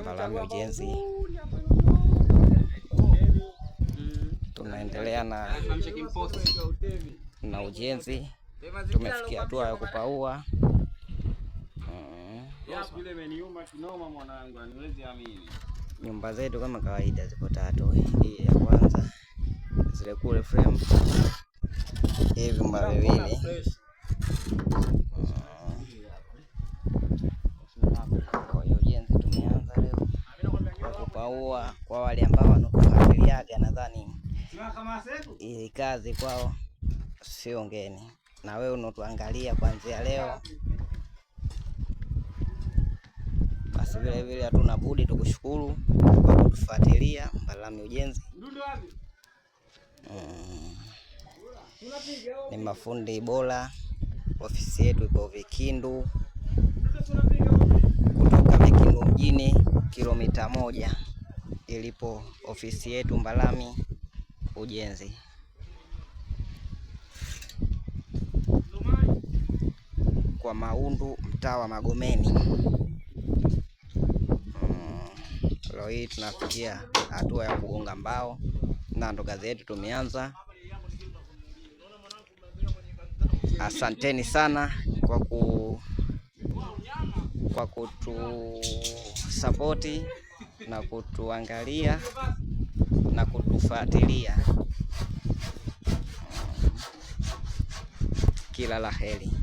mtaalamu ujenzi. Tunaendelea na, na ujenzi. Tumefikia hatua ya kupaua mm-hmm. nyumba zetu kama kawaida, ziko tatu. Hii ya kwanza, zile kule frame, hivi vyumba viwili kuwaua kwa wale ambao wanafuatiliaga, nadhani ili kazi kwao sio ngeni. Na wewe unotuangalia kuanzia leo, basi vile vile hatuna budi tukushukuru kwa kutufuatilia Mbalami Ujenzi. Mm. ni mafundi bora. Ofisi yetu iko Vikindu kutoka Vikindu mjini kilomita moja ilipo ofisi yetu Mbalami Ujenzi. Kwa Maundu mtaa wa Magomeni. Mm, leo hii tunafikia hatua ya kugonga mbao na ndo kazi yetu tumeanza. Asanteni sana kwa ku kwa kutusapoti na kutuangalia na kutufuatilia. Kila la heri.